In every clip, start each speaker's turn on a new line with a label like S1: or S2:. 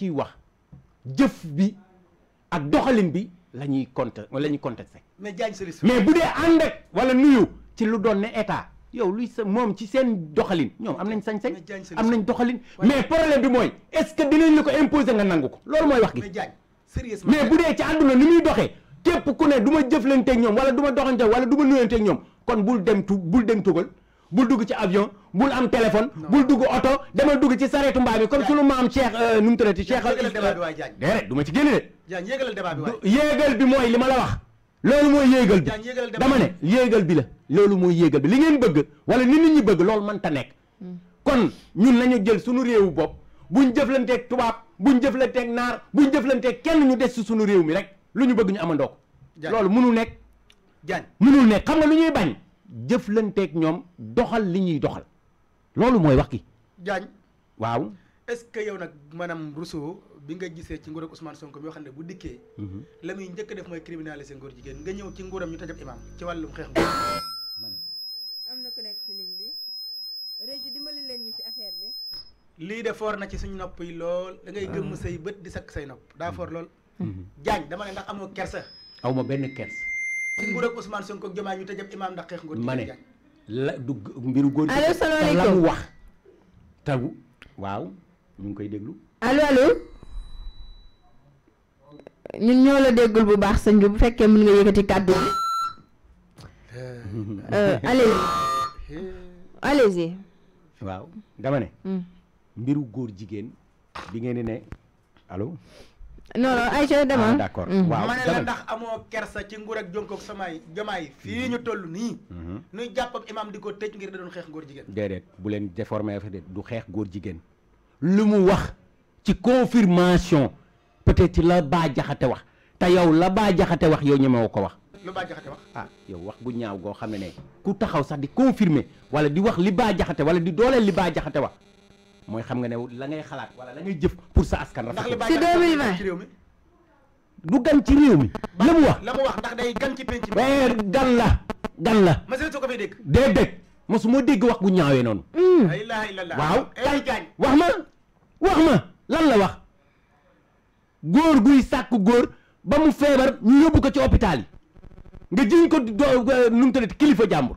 S1: ciy wax jëf bi ak doxalin bi la ñuy conte la ñuy contesté
S2: mais bu dee ànd
S1: ak wala nuyu ci lu doon ne état yow luy sa moom ci seen doxalin ñoom am nañ sañ-sañ am nañ doxalin mais problème bi mooy est-ce que dinañ la ko imposer nga nangu ko loolu mooy wax gi mais bu dee ci àdduna ni muy doxee képp ku ne jëf lañ jëflanteeg ñoom wala du ma doxante wala du ma nuyanteeg ñoom kon bul dem tu bul dem tugal bul dugg ci avion bul am téléphone bul dugg oto demal dugg ci sareetu mbaa bi comme sunu maam Cheikh euh, nu mu tuddati Cheikh déedéet du ma ci génn
S2: de
S1: yéegal bi mooy li ma la wax loolu mooy yéegal bi dama ne yéegal bi la loolu mooy yéegal bi li ngeen bëgg wala ni nit ñi bëgg loolu manta nekk hmm. kon ñun nañu jël sunu réewu bopp buñ jëflanteeg tubaab buñ jëflanteeg naar bu jëflanteeg kenn ñu des si sunu réew mi rek lu ñu bëgg ñu am amandoo ko loolu mënul nekk mënul nekk xam nga lu ñuy bañ jëflanteeg ñoom doxal li ñuy doxal loolu mooy wax ki jaañ waaw est-ce que yow nag maanaam Rousseau
S2: bi nga gisee ci nguur ak Ousmane Sonko yoo xam ne bu dikkee mhm. la muy njëkk def mooy criminaliser ngóor jigéen nga ñëw ci nguuram ñu tajab imaam ci wàllum xeex ngóor am na ku nekk ci ligne bi Régis dimbali leen ñu ci affaire bi lii de foor na ci suñu nopp yi lool da ngay gëmm ah. say bët di sakk say nopp daa foor lool jaañ mhm. dama ne ndax amoo kersa
S1: aw ma benn kersa
S2: ci nguurug Ousmane Sonko ak ma ne
S1: la du mbiru góor gi la mu wax tagu waaw ñu ngi koy déglu
S2: allo allo ñun ñoo la déggul bu baax sëñ bi bu fekkee mën nga yëkkati kàddu bi euh, allez allez
S1: waaw dama ne hmm. mbiru góor jigéen bi ngeen di ne allo non non ayca dama ah, d' accord mm-hmm. waaw la ndax
S2: amoo kersa ci nguur ak jonkoog samay jamaay fii mm-hmm. ñu toll nii mm-hmm. nuy jàppab imaam di ko tëj ngir da doon xeex góor jigéen
S1: déedéet bu leen déformé de du xeex góor jigéen lu mu wax ci confirmation peut-être ci la baa jaxate wax te yow la baa jaxate wax yow ñemewu ko wax lu baa jaxate wax ah yow wax bu ñaaw goo xam ne ne ku taxaw sax di confirmer wala di wax li baa jaxate wala di dooleel li baa jaxate wax mooy xam nga ne la ngay xalaat wala la ngay jëf pour sa askan rafet ci 2020 ci réew mi du gan ci réew mi la mu wax la mu wax ndax day gan ci penc mi gan la gan la
S2: monsieur su ko fay dégg
S1: dee dégg mosuma dégg wax bu ñaawee noonu hmm. waaw wax ma wax ma lan la wax góor guy sàkk góor ba mu feebar ñu yóbbu ko ci hôpital yi nga jiñ ko do nu mu tuddati kilifa jàmbur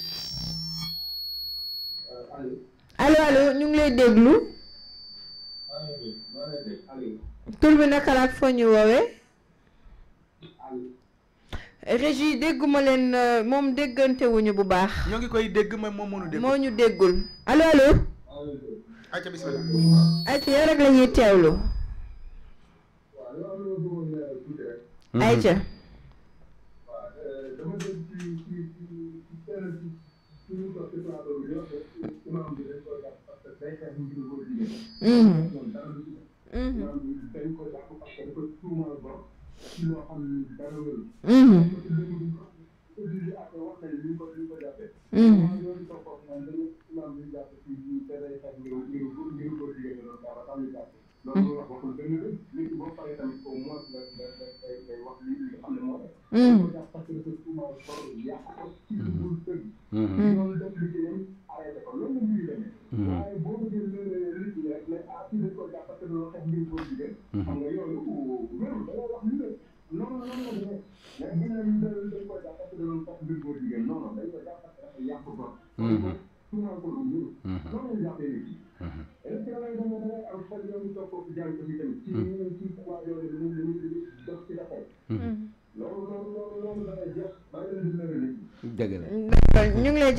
S2: allo allo ñu ngi lay déglu. tur bi naka la ak foo ñu woowee. dégguma leen euh, moom déggante bu baax. ñoo ngi koy dégg ma moo ñu déggul allo allo. ayca bisimilah. ayca yow rek la ñuy teewlu.
S3: Mm-hmm. ayca. loolu mm-hmm. mm-hmm. dëgg
S2: la ñu ngi lay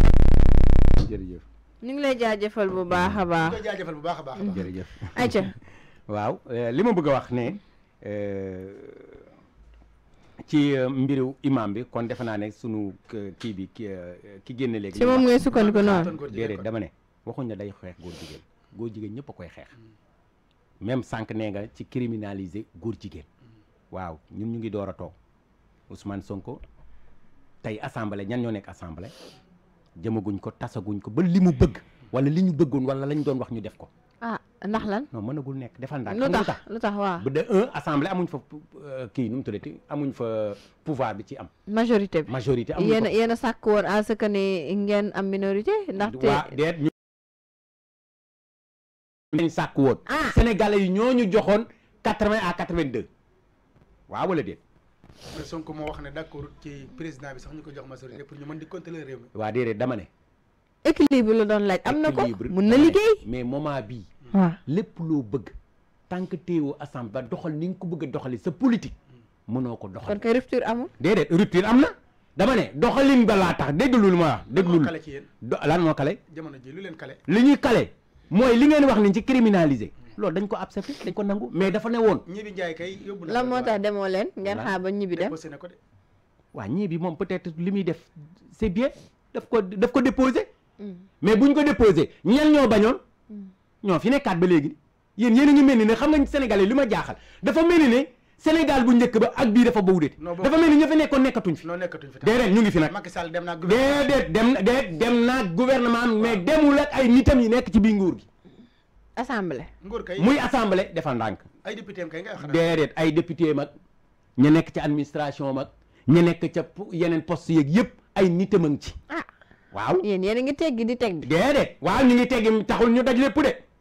S2: jërëjëf ñu ngi lay jaajëfal bu baax a baax jaajëfal bu baax a baax jërëjëf ayca
S1: waaw eh, li ma bëgg a wax ne eh, ci euh, mbiru imam bi kon defe naa ne sunu euh, kii bi euh, ki génne léegi. ci moom ngay sukkandiku noonu. déedéet dama ne waxuñ ne day xeex góor jigéen góor jigéen ñëpp a koy xeex même sànq nee nga ci criminaliser góor jigéen waaw ñun ñu ngi door a toog Ousmane Sonko tey assemblée ñan ñoo nekk assemblée jëmaguñ ko tasaguñ ko ba li mu bëgg wala li ñu bëggoon wala lañu doon wax ñu def ko.
S3: Ah, ndax lan
S1: non mënagul nekk defal ndànk lu tax
S3: lu tax waa bu
S1: dee un assemblée amuñ fa euh, kii nu mu tuddati amuñ fa pouvoir bi ci am majorité bi majorité amuñ yéen yéen
S2: a sàkk woon à ce ne ngeen am minorité ndaxte waa
S1: déet ñu lañ sàkk woon ah. sénégalais yi ñoo ñu joxoon quatre vingt à quatre vingt deux waaw wala déet
S2: mais moo wax ne d'accord ci président bi sax ñu ko jox majorité pour ñu mën di contrôler réew mi
S1: waa déedéet dama ne équilibre la doon laaj am na ko mun na liggéey mais moment bii waaw lépp loo bëgg tant que téewoo assemblée ba doxal ni nga ko bëgg a doxali sa politique mënoo ko doxal kon kay rupture amul déedéet rupture am na dama ne doxalin ba laa tax déglul ma wax déglul kale ci yéen lan moo kale
S2: jamono ji lu leen kale
S1: li ñuy kale mooy li ngeen wax ni ci criminalisé loolu dañ ko accepté ko nangu mais dafa ne woon ñibi jaay kay
S2: yóbbu na lan moo tax demoo leen ngeen xaar ba ñibi dem
S1: waaw ñibi moom peut li muy def c'est bien daf ko daf ko déposé mm. mais bu ñu ko déposé ñel ñoo bañoon mm. ñoo fi nekkaat ba léegi yéen yéen a mel ni ne xam nga sénégalais li ma jaaxal dafa mel ni ne sénégal bu njëkk ba ak bii dafa bawudeeti dafa mel ni ña fa nekkoon nekkatuñ fi déedéet ñu ngi fi nag déedéet dem déet dem naag gouvernement mais demul ak ay nitam yi nekk ci biir nguur gi assemblée muy assemblée defal ndànk
S2: ay député kay nga
S1: xanaa déedéet ay député mag ña nekk ci administration mag ña nekk ca yeneen poste yeeg yëpp ay nitam a ngi ci ah. waaw yéen a ngi teggi di teg déedéet ñu ngi teggi taxul ñu daj lépp de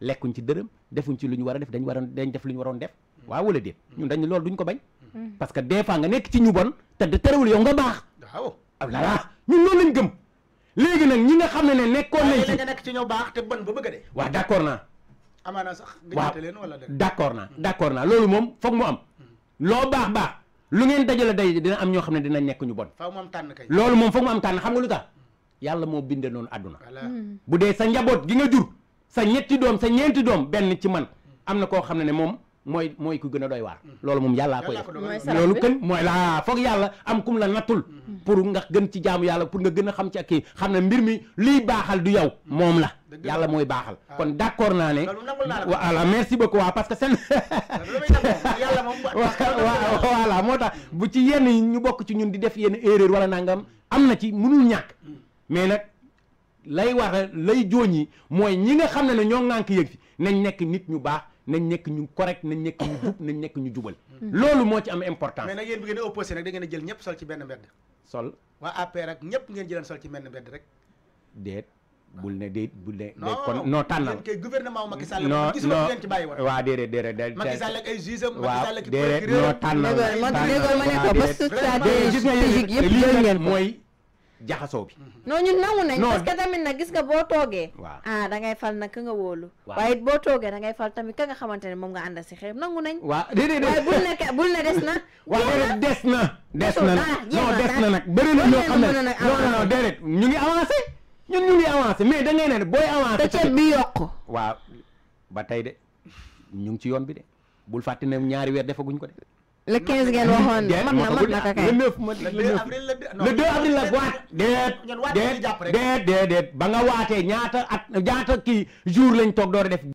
S1: lekkuñ ci dërëm defuñ ci lu ñu war a def dañ waroon dañ def lu ñu waroon def waaw wala déet ñun dañ loolu duñ ko bañ mm. parce que des fois nga nekk ci ñu bon te de terewul yow nga baax waaw ab ah lala ñun loolu lañ gëm léegi nag ñi nga xam ne ne nekkoon nañ ci nga baax te bon ba bëgg de waaw d' accord naa
S2: amaana sax waaw leen wala d'
S1: accord naa d' accord naa loolu moom foog mu am mm. loo baax baax lu ngeen dajale day am ñoo xam ne dinañ nekk ñu bon faaw mu am tànn loolu moom foog mu am tànn xam nga lu tax yàlla moo binde noonu àdduna mm. bu dee sa njaboot gi nga jur sa ñetti doom sa ñeenti doom benn ci man am na koo xam ne ne moom mooy mooy ku gën a doy waar mm. loolu moom yàllaa koy def loolu kën mooy laa foog yàlla am kum la nattul mm. pour nga gën ci jaamu yàlla pour nga gën a xam ci ak kii xam ne mbir mi liy baaxal du yow mm. moom la yàlla mooy baaxal ah. kon d'accord naa ne voilà merci beaucoup waaw parce que seen voilà moo tax bu ci yenn ñu bokk ci ñun di def yenn erreur wala nangam am na ci mënul ñàkk mais nag lay waxe lay jooñi mooy ñi nga xam ne ne ñoo ŋànk yëg fi nañ nekk nit ñu baax nañ nekk ñu correct nañ nekk ñu jub nañ nekk ñu jubal mm. loolu moo ci am importance mais nag
S2: yéen bi ngeen opposé nag da ngeen a jël ñëpp sol ci
S1: benn mbedd sol waa APR ak ñëpp ngeen jëleen sol ci benn mbedd rek déet bul ne déet bul ne kon non tànnal kay
S2: gouvernement Macky Sall non gisuma leen ci bàyyi woon waaw déedéet déedéet Macky Sall ak ay juge am Macky Sall ak i procureur non tànnal ma ne ko ba gis nga yëpp mooy jaxasoo bi. Mm-hmm. non ñun nangu nañ parce que tamit nag gis nga boo toogee. waaw ah da ngay fal nag ka nga wóolu. waaye boo toogee da ngay fal tamit ka nga xamante ne moom nga àndal si xeex nangu nañ. waaw déedéet waaye bul ne des na.
S1: waaw des na. des na non des na nag bëri na ñoo xam ne non non ah. non déedéet avancé. mais da ngay ne booy avancé. te ceeb bi yokk. waaw ba tey de ñu ngi ci yoon bi de bul fàtte ñaari weer defaguñ ko de. le 15 ngeen waxoon man na man na ka kay le la waat déet déet déet déet ba nga waatee ñaata at ñaata kii jour lañ toog door def